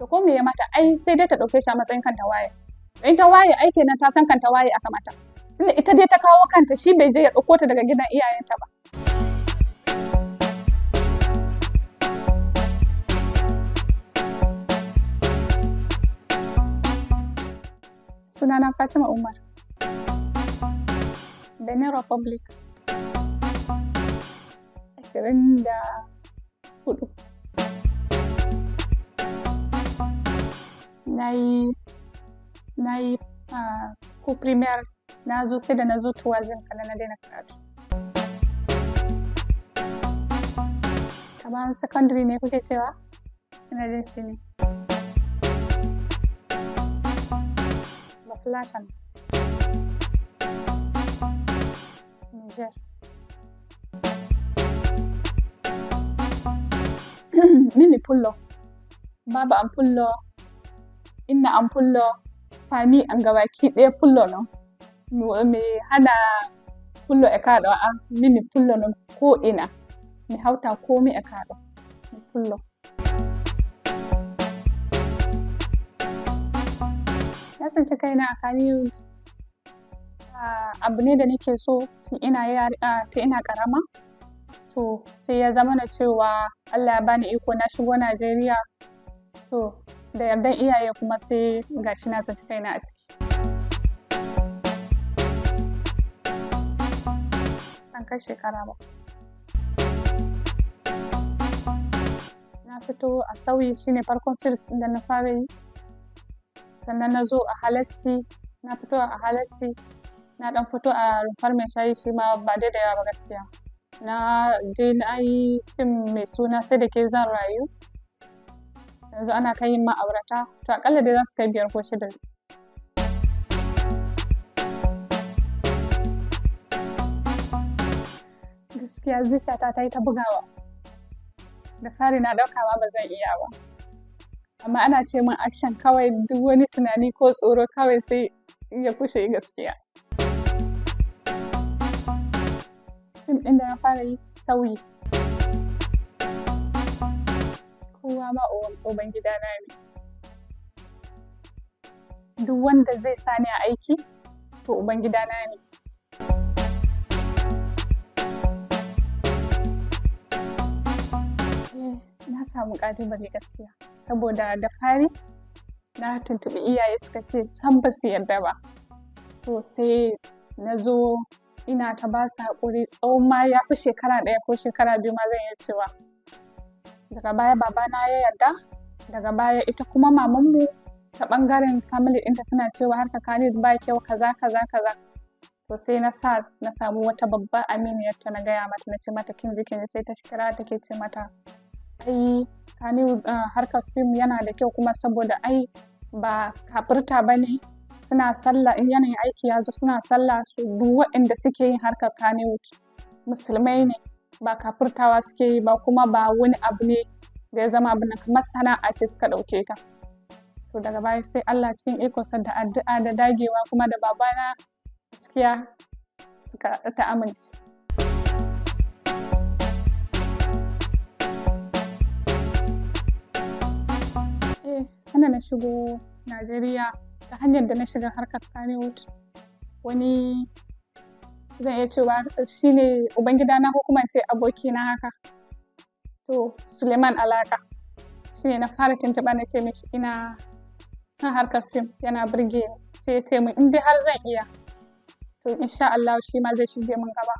to ko me ya mata ai sai dai ta dauke shi a matsayin kanta waye in ta waye ai kenan ta san kanta waye aka mata tunda ita dai ta kawo kanta shi bai je ya ɗauko ta daga gidan iyayenta ba sunana Fatima Umar. Benin Republic. 24. naj uh, kot primer nazu seda nazu tuwazim na daina karatu kamar secondary ne kuke cewa ina jin shi ne bafulatan niger mini pullo baba am pullo inna an fullo fami an gabaki ɗaya fullo non mi hana fullo e kaɗo an mi fullo non ko ina mi hauta komi e kaɗo mi fullo kasance kaina a kani abu ne da nake so tun ina tun ina karama to sai ya zama na cewa Allah ya bani iko na shigo Najeriya to da yardan iyaye kuma sai gashi na tsinci kaina a ciki an kai shekara ba na fito a sauyi shine farkon sirs da na fara yi sannan na zo a halatti na fito a halatti na ɗan fito a rumfar mai shayi shi ma ba dai da ba gaskiya na je na yi fim mai suna sai da ke zan rayu yanzu ana kai yin ma'aurata to akalla dai za su kai biyar ko shida gaskiya zuciyata ta yi ta bugawa da fari na daukawa ba zan iya ba amma ana ce min action kawai duk wani tunani ko tsoro kawai sai ya kushe gaskiya fim ɗin da na fara yi sauyi kowa ma uban na ne duk wanda zai sa ni a aiki to uban na ne eh, na samu ƙalubale gaskiya saboda da fari na tuntuɓi iyaye suka ce san ba su yarda ba to sai na zo ina ta ba su haƙuri tsawon ma ya fi shekara ɗaya ko shekara biyu ma zan iya cewa daga baya babana ya yarda daga baya ita kuma mamanmu ta bangaren family ɗinta suna cewa harka kani ba kyau kaza kaza kaza to sai na sa na samu wata babbar aminiyar ta na gaya mata na ce mata kin kinji sai ta kira ke ce mata ai kani eh, harkar fim yana da kyau kuma saboda ai ba kafirta ba ne suna sallah in yanayin aiki ya zo suna sallah su duk waɗanda suke yin harkar kani musulmai ne ba kafurtawa suke yi ba kuma ba wani abu ne da ya zama abu na kamar sana'a ce suka ɗauke ka. to daga baya sai Allah cikin ikonsa da addu'a da dagewa kuma da babana gaskiya suka ta amince eh sana na shigo Najeriya ta hanyar da na shiga harkar Kannywood wani zan iya cewa shine ubangidana ko kuma ce abokina haka to suleiman alaka shine na fara tuntuɓa na ce mishi ina son harkar fim yana birge sai ya ce mu in dai har zan iya to insha Allah shi ma zai shige mun gaba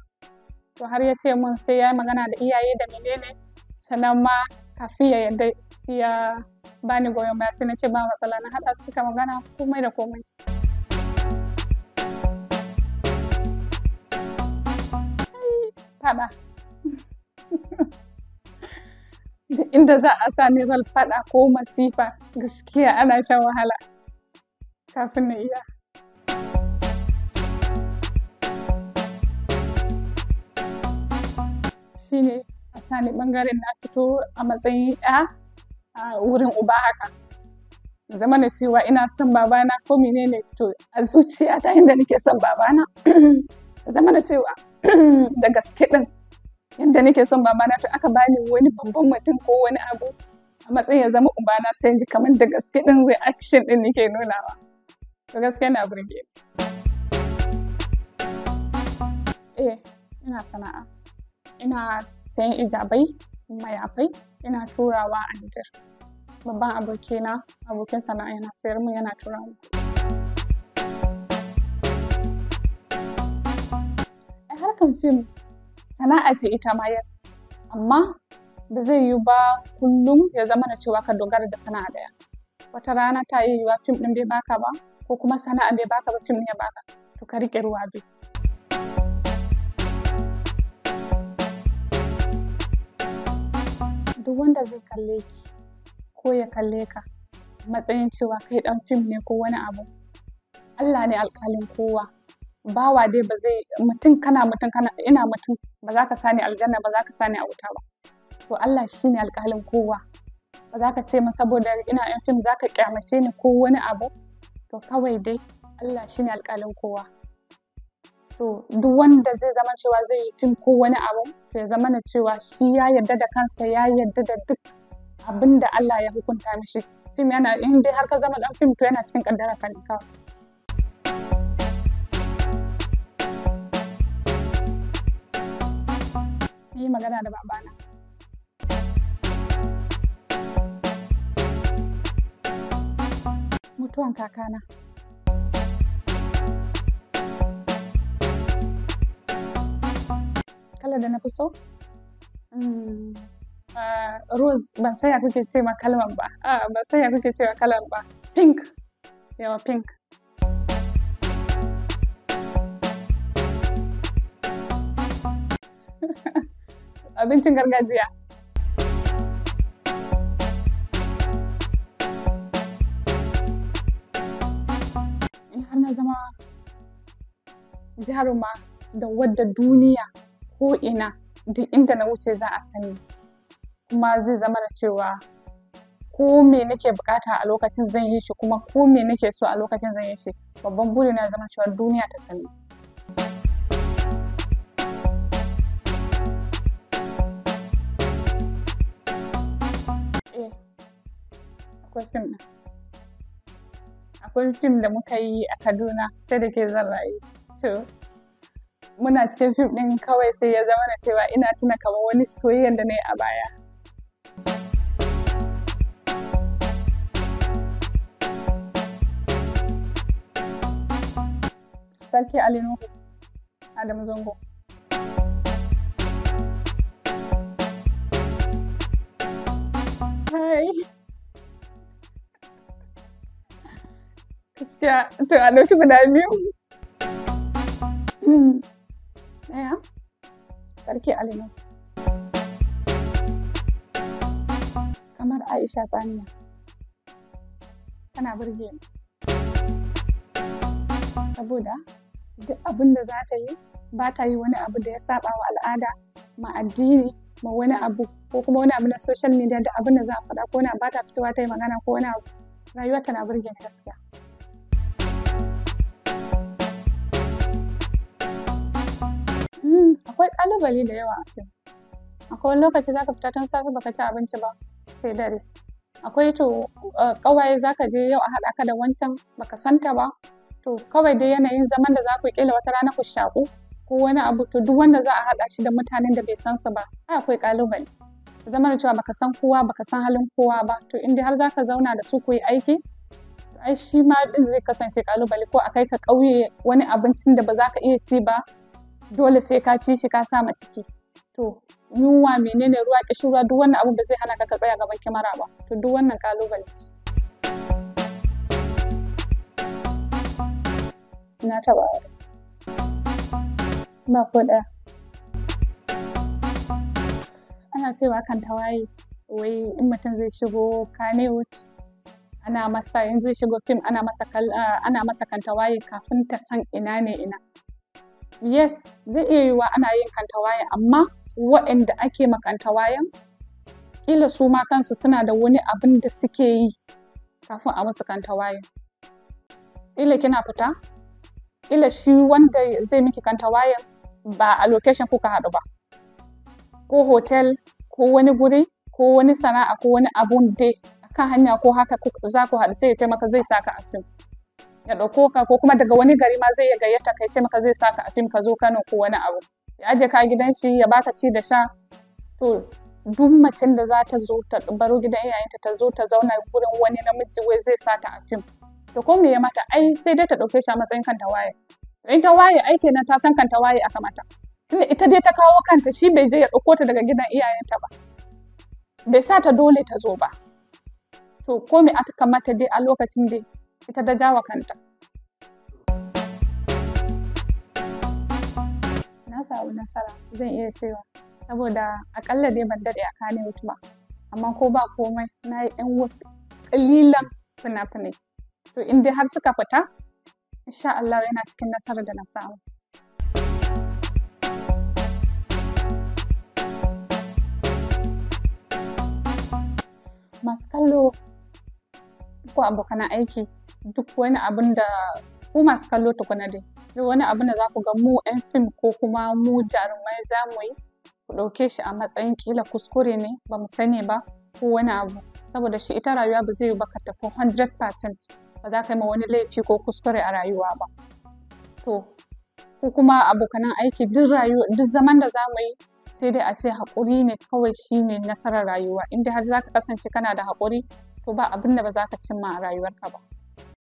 to har ya ce mun sai ya yi magana da iyaye da menene sannan ma kafin ya yadda ya bani goyon baya sai na ce ba matsala na haɗa suka magana komai da komai da inda za a sa ni zan faɗa ko masifa gaskiya ana shan wahala kafin na iya ne a sa ni ɓangaren na fito a matsayin ɗa a wurin uba haka zama da cewa ina son babana ko menene to a zuciya ta inda nake son babana zama da cewa da gaske ɗin yadda nake son babana to aka bani wani babban mutum ko wani abu a matsayin ya zama ubana sai ji kamar da gaske ɗin action ɗin nake nunawa to gaske na burge eh ina sana'a ina sayan ijabai mayafai ina turawa a Nijar babban abokina abokin sana'a yana sayar mu yana turawa harkan fim sana'a ce ita ma yes amma ba zai yiwu ba kullum ya zama na cewa ka dogara da sana'a daya wata rana ta yi wa fim din bai baka ba ko kuma sana'a bai baka ba fim ne ya baka to ka rike ruwa bi duk wanda zai kalle ki ko ya kalle ka matsayin cewa kai dan fim ne ko wani abu Allah ne alkalin kowa bawa dai ba zai mutum kana mutum kana ina mutum ba za ka sani aljanna ba za ka sani a wuta ba to Allah shi ne alƙalin kowa ba za ka ce min saboda ina yan fim za ka kyamace ni ko wani abu to kawai dai Allah shi ne alƙalin kowa to duk wanda zai zama cewa zai yi fim ko wani abu to ya zama na cewa shi ya yarda da kansa ya yarda da duk abin Allah ya hukunta mishi fim yana in dai har ka zama dan fim to yana cikin kaddara kan yi magana da babana. Mutuwan kakana. Kala da na fi so? Hmm. Ah, rose ban sanya kuke ce ma kalman ba, ah, ban sanya kuke ce ma kalmar ba, pink, yawa pink. abincin gargajiya. In har na zama jaruma da wadda duniya ko ina duk inda na wuce za a sani kuma zai zama da cewa ko me nake bukata a lokacin zan yi shi kuma ko me nake so a lokacin zan yi shi babban buri na zama cewa duniya ta sani. eh akwai fim ɗin akwai fim da muka yi a kaduna sai da ke zan rayu to muna cikin fim ɗin kawai sai ya zama na cewa ina tuna kamar wani soyayyar da na yi a baya sarki ali nuhu adamu zango gaskiya to a ɗauki guda biyu hmm. ɗaya sarki alima kamar aisha tsaniya tana burge ni saboda duk abin da za ta yi ba ta yi wani abu da ya saba wa al'ada ma addini ma wani abu ko kuma wani abu na social media da abin da za a faɗa ko na ba ta fitowa ta yi magana ko wani abu rayuwa tana burge ni gaskiya akwai ƙalubale da yawa a kai akwai wani lokaci zaka fita tun safe baka ci abinci ba sai dare akwai to kawai eh, zaka je yau a haɗa ka da wancan baka santa ba to kawai dai yanayin zaman da za ku kila wata rana ku shaƙu ko wani abu to duk wanda za a haɗa shi da mutanen da bai san su ba ai akwai ƙalubale zama da cewa baka san kowa baka san halin kowa ba to in dai har zaka zauna da su ku yi aiki ai shi ma din zai kasance ƙalubale ko a kai ka ƙauye wani abincin da ba za ka iya ci ba dole sai ka ci shi ka sa ma ciki to yunwa menene ruwa ke shura duk wannan abun ba zai hana ka ka tsaya gaban kyamara ba to duk wannan kalubale na taba ba ko ɗaya ana cewa kan tawaye wai in mutum zai shigo Kanewut, ana masa in zai shigo fim ana masa ana masa kafin ta san ina ne ina yes zai iya yiwuwa ana yin kantawayan amma waɗanda ake makantawayan kila su ma kansu suna da wani abin da suke yi kafin a musu kantawayan kila kina fita kila shi wanda zai miki kantawayan ba a location kuka haɗu ba ko hotel ko wani guri ko wani sana'a ko wani abun dai akan hanya ko haka za ku haɗu sai ya ce maka zai saka a fim ya ɗauko ka ko kuma daga wani gari ma zai iya gayyata ka ce maka zai saka a fim ka zo Kano ko wani abu ya aje ka gidan shi ya baka ci da sha to duk macen da za ta zo ta baro gidan iyayenta ta zo ta zauna gurin wani namiji wai zai sata a fim to ko me ya mata ai sai dai ta ɗauke shi a matsayin kanta waye in ta waye ai kenan ta san kanta waye aka mata tunda ita dai ta kawo kanta shi bai je ya ɗauko ta daga gidan iyayenta ba bai sa ta dole ta zo ba to ko me aka mata dai a lokacin dai ita da jawa kanta na samu nasara zan iya cewa saboda akalla dai ban daɗe a kane ba amma ko ba komai na yi 'yan wasu ƙalilan fina-finai to in dai har suka fita insha Allah yana cikin nasarar da na samu masu kallo ko abokan aiki duk wani abin da ku masu kallo tukuna dai duk wani abin da za ku ga mu 'yan fim ko kuma mu jarumai za mu yi ku ɗauke shi a matsayin kila kuskure ne ba mu sani ba ko wani abu saboda shi ita rayuwa ba zai yi baka tafi 100% ba za ka yi ma wani laifi ko kuskure a rayuwa ba to ko kuma abokanan aiki duk rayuwa duk zaman da za mu yi sai dai a ce haƙuri ne kawai shi ne nasarar rayuwa inda har za ka kasance kana da haƙuri to ba abin da ba za ka cimma a rayuwarka ba